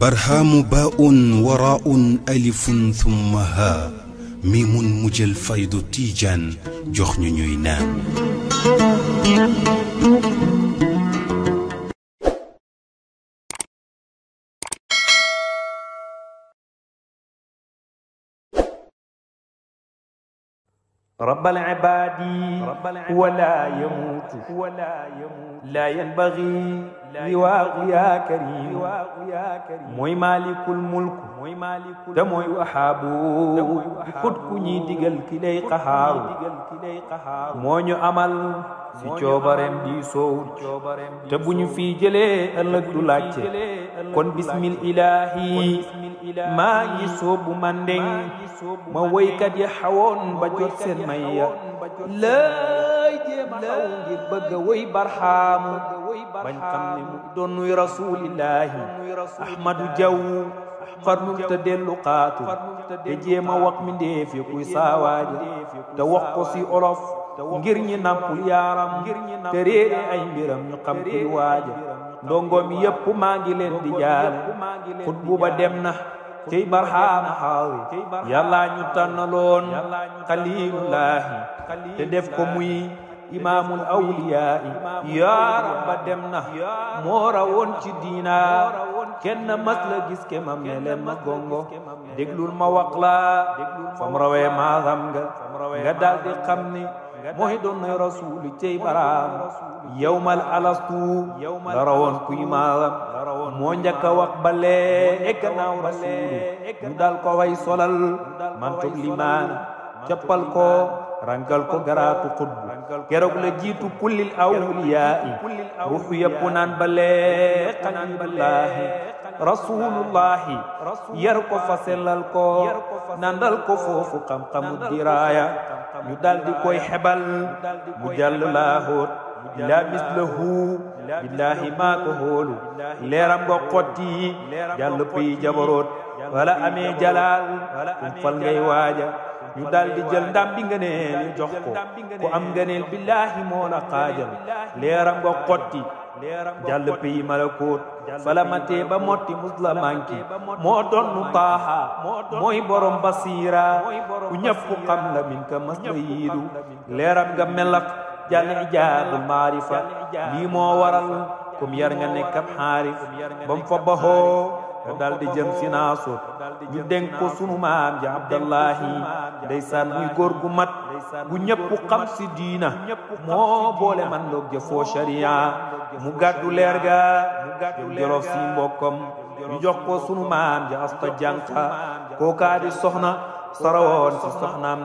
barhaamu baaun waraaun alifun thumma haa mi mun mujjël faydu tiijaan jox ñu ñuy naan rabbal ibaadi wala yamuutu laa yanbaghi liwaahu yaa kariim mooy maalikul mulk te mooy waxaabu xut ku ñuy digal ki lay qaxaaru moo ñu amal si coobareem di soowut te bu ñu fii jëlee ëllëg du laajte kon bismil ilaahi maa ngi soobu mandeng ma woykat ya xawoon ba jot seen may ya laay jéem a xaw ngir bëgg a woy barxaamu bañ xam ne mu doon nuy rasulillahi ahmadu jaw farnul te dellu xaatu te jéem a mi ndeef yi kuy saawaaje te wax ko olof ngir ñi nampul yaaram te réere ay mbiram ñu xam kuy waaja ndongoom yépp maa ngi leen di jaale xut bu ba dem na ci barxaam xaawi yàllaa ñu tànnaloon xalilullaahi te def ko muy imaamul awliyaa yaa rabba dem na moo rawoon ci diina kenn mas la gis ke ma ma gongo déglul ma wax la fam di xam ni mooy doon na rasuul cey baraam yawmal alastu la kuy maasam moo njëkk a wax bale ek naaw rasuulu mu dal ko way solal mantuk limaan cappal ko rankal ko garaatu xutb keroog la jiitu kullil awliyaa'i ruux yëpp naan bale xalilullaahi rasulullahi yar ko fa sellal ko nandal ko foofu xam-xamu diraaya ñu dal di koy xebal mu jàll laahoot ilaa mislahu billaahi maa ko hóolu leeram go xotti jàll pay jabaroot wala amee jalaal um fal ngay waaja ñu daal di jël ndam bi ngëneel ñu jox ko ku am ngëneel billaahi moo la leeram go xotti jàll pay malakoot fala matee ba motti musla manki moo donnu taaha mooy borom basiira ku ñëpp xam la min ka mas leeram nga melak jàll ijaadu maarifa lii moo waral kum yar nga nekk ab xaarif bam fa baxoo te di jëm si naasu ñu dénk ko sunu maam ji abdallahi ndeysaan muy góor gu mat gu ñëpp xam si diina moo boole man loog jëfoo sharia mu gàddu leer ga jëm jolof si mbokkam ñu jox ko sunu maam ji asta jànqa kookaa di soxna sarawoon si soxnaam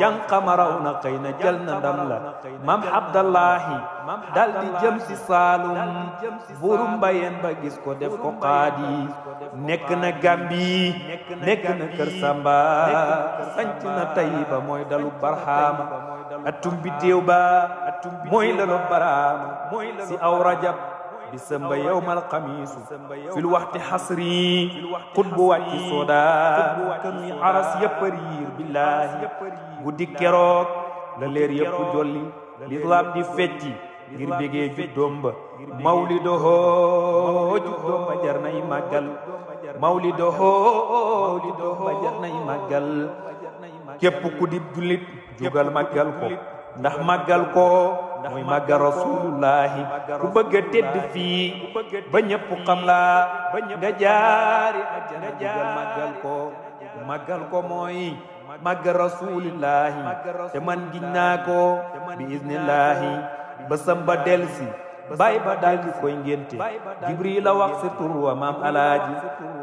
jànqama raw na xëy na jël na ndam la maam Abdallahi dal di jëm si Saalum buuru mbayeen ba gis ko def ko xaadi nekk na Gambi nekk na Kër Samba sanc na Tayiba mooy dalu Barhama atum bi déew ba mooy lalu si aw rajab bisamba yawmal xamiis fil waxti xasri xutbu wàcci sooda kami aras yëpp riir billaahi guddi keroog la leer yëpp jolli lislaam di fecci ngir bégee juddoom ba mawlidohoo juddoom ba jar nay màggal mawlidohoo juddoom ba jar nay màggal képp ku dib jullit jugal ko ndax màggal ko muy màggal rasulullahi ku bëgg a tedd fii ba ñëpp xam laa nga jaari ajjana dugal màggal ko màggal ko mooy màggal rasulullahi te man giñ naa ko bi iznillahi ba samba delsi bay ba daal koy ngénte jibril a wax sa tur wa maam alaaji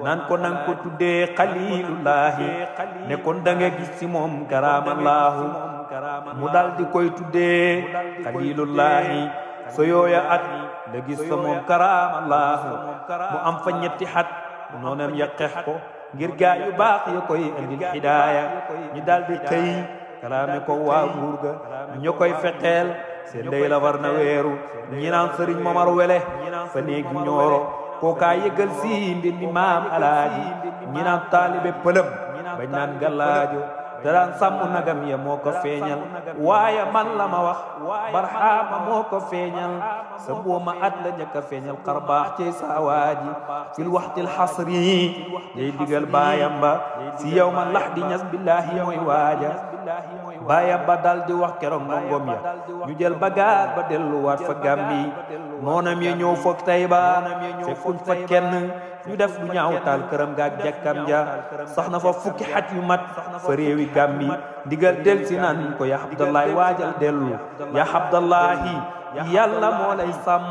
naan ko nang ko tuddee xalilullaahi ne kon da nga gis ci moom karamallaahu mu daal di koy tuddee xalilullaahi so yooya at la gis sa moom karamallaahu mu am fa ñetti xat noonam ya xeex ko ngir gaa yu baax ya koy andil hidaaya ñu daal di xëy kalaame waa nguur ga ñu koy fexeel se day la war na weeru ñi naan sëriñ Momar Wele fa néegi ñooro kookaa yëgal si mbir mi maam alaaji ñi naan taalibe pëlëm bañ naan gallaajo daraan sàmm nagam ya moo ko feeñal waaye man la ma wax barxaama moo ko feeñal sa booma at la njëkk a feeñal xarbaax cey saawaaji fil waxtil xasri day digal baayam ba si yow ma lax di ñas billaahi mooy waaja baayam ba dal di wax keroog ma ngom ya ñu jël bagaar ba delluwaat fa gàmbi noonam ya ñëw foog tey ba fa kenn ñu def lu ñaaw taal këram gaak jàkkam ja sax na fa fukki xat yu mat fa réewi gàmmi ndigal del si naan ko ya abdallahi waajal dellu ya abdallahi yàlla moo lay sàmm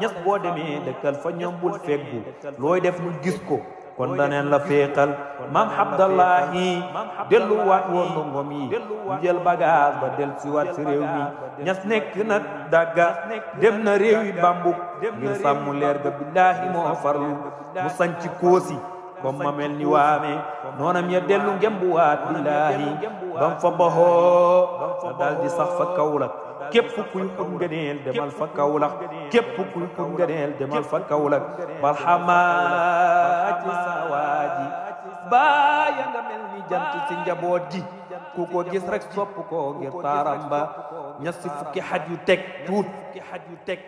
ñes boo demee dëkkal fa ñoom bul feggu looy def ñu gis ko kon daneen la féexal maam Abdallahi delluwaat woon ndongom yi ñu jël bagage ba del si waat si réew mi ñas nekk na dagga dem na réew yi bambuk ngir sàmm leer ga billaahi moo farlu mu sanci koosi comme ma mel ni waame noonam ya dellu ngembuwaat billaahi bam fa baxoo dal di sax fa Kawlak képp kuy ut ngëneel demal fa Kaolack képp kuy ut ngëneel demal fa Kaolack barxamaa ci sawaaji baaya nga mel ni jant njaboot ji ku ko gis rek sopp ko ngir taaram ba ñasi yu teg tuut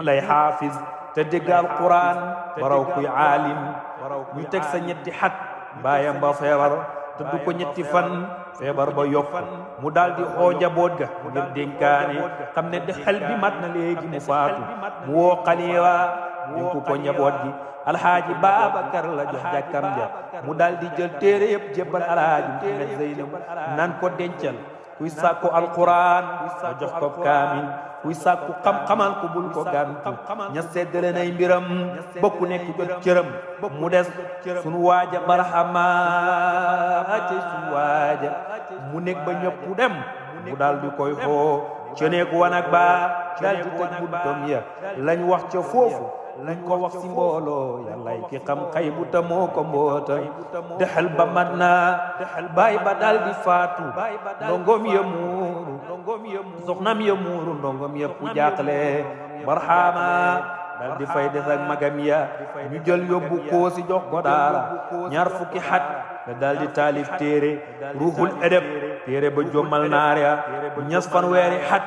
lay xaafis te dégg alquran baraw kuy aalim ñu teg sa ñetti xat baayam ba feebar tëdd ko ñetti fan feebar ba yokk mu daal di xoo jaboot ga ngir dénkaane xam ne de xel bi mat na léegi mu faatu mu woo xaliwa dénku ko njaboot gi alxaaji Baabakar la jox jàkkam ja mu daal di jël téere yëpp jébbal alxaaji Muhammad Zeynab nan ko dencal kuy sàkku alquran ma jox ko kaamil kuy sàkku xam-xamal ko bul ko gàntu ña seddale nay mbiram bokk nekk jot cëram mu des sunu waaja barahama ci sunu waaja mu nekk ba ñëpp dem mu daal koy xoo ca ne ku wanag ba daal di tëj buntam ya lañ wax ca foofu lañ ko wax si mbooloo yàllay ki xam xay bu ta moo ko mboota dexal ba mat naa baay ba daal di faatu ndongom ya muuru soxnam ya muuru ndongom ya ku jaaxle barxaama dal di fay de ak magam ya ñu jël yóbbu koo si jox ko daara ñaar fukki nga daal di taalif ruuxul edeb téere ba jommal naare ñas fanweeri xat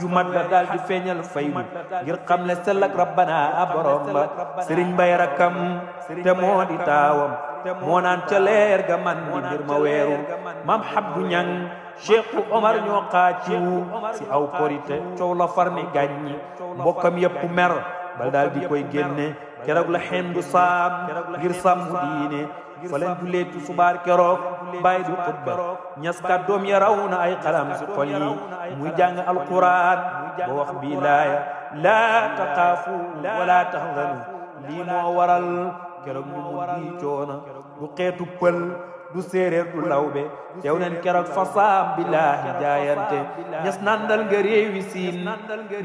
yu mat la daal di feeñal faydu ngir xam le sell ak rabbana borom ba sëriñ mbay rakkam te moo di taawam moo naan ca leer ga man di mbir ma weeru mam habdu ñang cheikhu omar ñoo xaaciwu si aw korite coow la far ni gàññi mbokkam yëpp mer ba daal koy génne keroog la xendu saam ngir sàmm diine fa lañ julee tu subaar keroog bàyyi du xutba ñas kàddoom ya ay xalam si xol yi muy jàng alquran ba wax bii laaya laa taxaafu wala taxzanu lii moo waral keroog lu mu di coona du xeetu pël du séeréer du lawbe teew nañ keroog fasaam billaahi jaayante ñes nandal nga réewi siin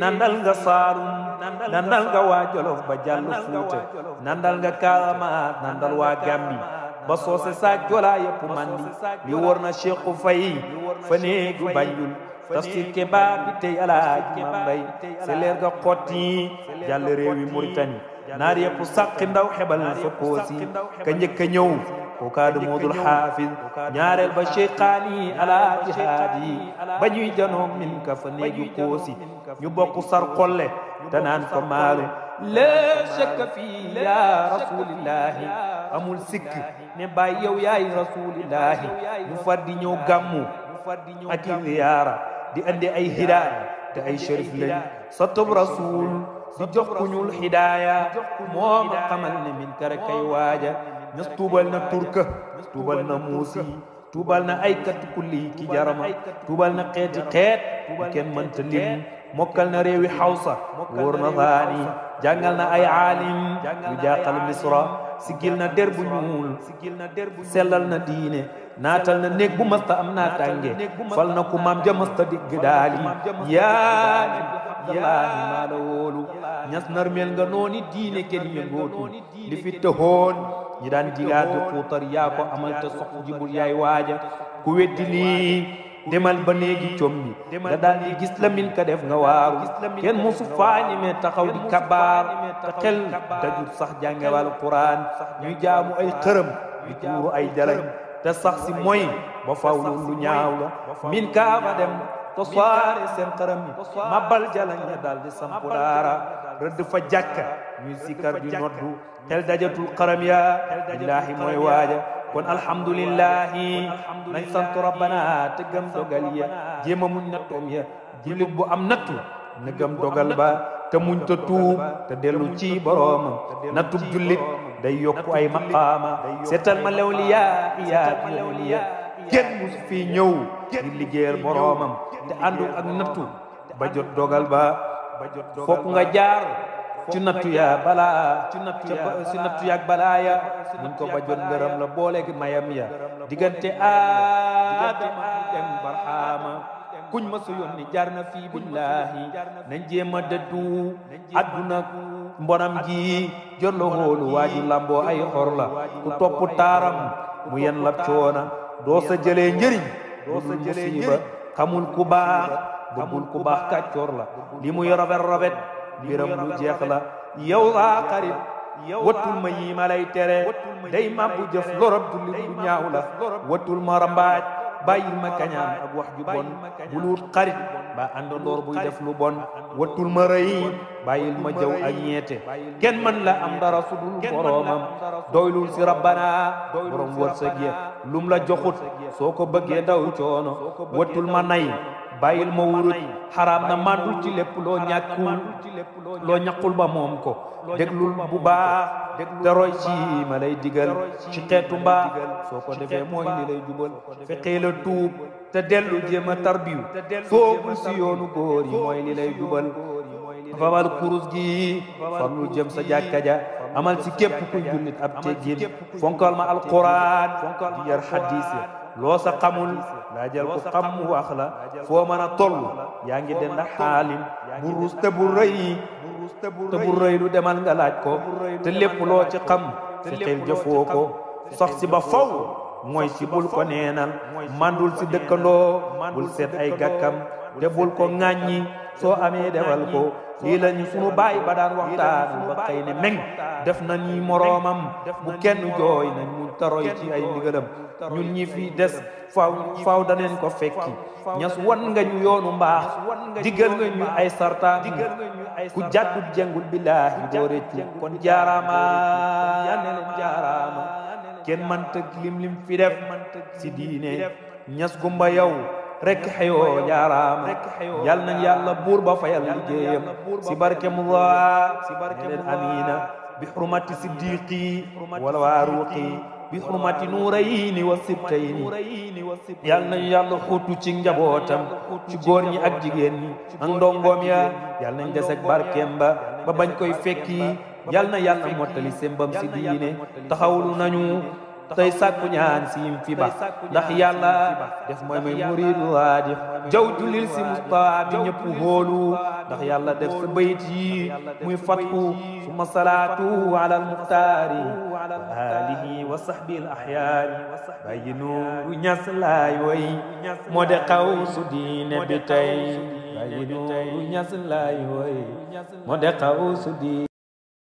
nandal nga saarum nandal nga waa jolof ba jàllu fuuta nandal nga kaamaas nandal waa gambi ba soose saak jolaa yëpp mandi li wor na Cheikhu Fay fa néegu Banjul tafsir ke baa tey alaaji ma mbay ga xotti jàll réewi Muritani naar yëpp sàqi ndaw xebal fa koosi ka njëkk a ñëw ku kaadu muudul xaafis ñaareel ba cheikhaani ala jihaadi ba ñuy janoo min fa néegu koosi ñu bokk sar xolle te naan ko maalu laa fii yaa rasulillahi amul sikk ne bàyyi yow yaay rasulillahi ñu far di ñëw gàmmu ak i ziyaara di andi ay hidaaya te ay sharif lañ satub rasul di jox ku hidaaya moo ma xamal ne min kara kay waaja ñas tuubal na turka tuubal na muusi tuubal na ay kat kulli ki jarama tuubal na xeeti xeet kenn mënta lim mokkal na réewi xawsa wóor na zaani jàngal na ay aalim yu jaaxal misra sigil na der bu ñuul sellal na diine naatal na néeg bu masta am naa tànge fal na ku maam ja masta digg daali yaani yallaahi maa la wóolu ñas narmel nga nooni diine kenn yëngootu li fi tëhoon ñi daan jigaate xuutar yaa ko amal te sox jibul yaay waaja ku weddi lii demal ba néegi commi nga daal di gis la min ka def nga waaru kenn mosu faañi me taxaw di kabaar te xel dajul sax jàngewal quraan ñuy jaamu ay xërëm di tuuru ay jalañ te sax si mooy ba faw lu ñaaw la min kaa fa dem soirée seen xaram yi mabal jalañ ña daal di sampu daara fa jàkka ñuy sikkar noddu xel dajatul xaram ya billaahi mooy waaja kon alhamdulillahi nañ sant rabbana te gëm dogal ya jéem a muñ nattoom ya jullit bu am nattu na gëm dogal ba te muñ te tuub te dellu ci boroomam nattub jullit day yokku ay maqaama seetal ma lewliya iyaa lewliya kenn musu fii ñëw di liggéeyal boroomam te àndul ak nattu ba jot dogal ba fokk nga jaar ci nattu ya balaa ya ci ko ba jot ngërëm la boole gi mayam ya diggante aadama dem kuñ ma sa yónni jaar na fii billaahi nañ jéem a dëddu adduna mbonam ji jot la hóolu waa ji lamboo ay xor la ku topp taaram mu yen lab doo sa jëlee njëriñ doo sa jëlee njëriñ xamul ku baax bëggul ku baax kàccoor la li muy rafet rafet biram lu jeex la yow laa xarit wattul ma yii ma lay tere day màbbu jëf lorab du li du ñaaw la wattul ma rambaaj bàyyil ma kañaan ak wax ju bon bul wut xarit ba àndandoor buy def lu bon wattul ma rëy bàyyil ma jaw ak ñeete gen man la am dara su dul boroomam doylul si rabbana borom wërsëg ya lum la joxut soo ko bëggee daw coono wattul ma nay bàyyil ma wurut xaraam na màndul ci lépp loo ñàkkul loo ñàkkul ba moom ko déglul bu baa baax te roy ci ma lay digal ci xeetu mbaa soo ko defee mooy li lay jubal fexee la tuub te dellu jéem a tarbiyu soobul si yoonu góor yi mooy li lay jubal fabal kurus gi farlu jëm sa jàkka ja amal si képp kuy jullit ab teggin fonkal ma alquran di yar xadis loo sa xamul laajal ko xam mu wax la foo mën a toll yaa ngi den ak xaalim bu ruus te bu rëy lu demal nga laaj ko te lépp loo ci xam si xel jëfoo ko sox si ba faw mooy si bul ko neenal mandul si dëkkandoo bul seet ay gàkkam te bul ko ŋàññi soo amee defal ko lii la ñu sunu baay ba daan waxtaan ba xëy ne meng def na ni moroomam bu kenn jooy nañ mu taroy ci ay ndigalam ñun ñi fi des faw faw daneen ko fekki ñas wan nga ñu yoonu mbaax diggal nga ñu ay sartaan ku jàddul jengul billaahi doo rëccu kon jaaraama ne leen jaaraama kenn manta lim lim fi def si diine ñas gumba yow rek xëyoo jaaraama yal nañ yàlla buur ba fayal liggéeyam si barkemullah si barkeleen amina bi xurmati siddiqi wala waaruqi bi xurmati nuurayni wa sibtayni yal nañu yàlla xuutu ci njabootam ci góor ñi ak jigéen ñi ak ndongoom ya yal nañ des ak barkeem ba ba bañ koy fekki yal na yàlla mottali sembam si diine taxawlu nañu tey sàkku ñaan siim fi ba ndax yàlla def mooy mooy muriidu waadi jaw julil si mustaa bi ñëpp hóolu ndax yàlla def sa bayit yi muy fatku suma salaatu ala almuxtaari wa alihi wa sahbi al ahyaari bàyyi nuuru ñas laay way moo de xaw su diine bi tey bàyyi nuuru laay way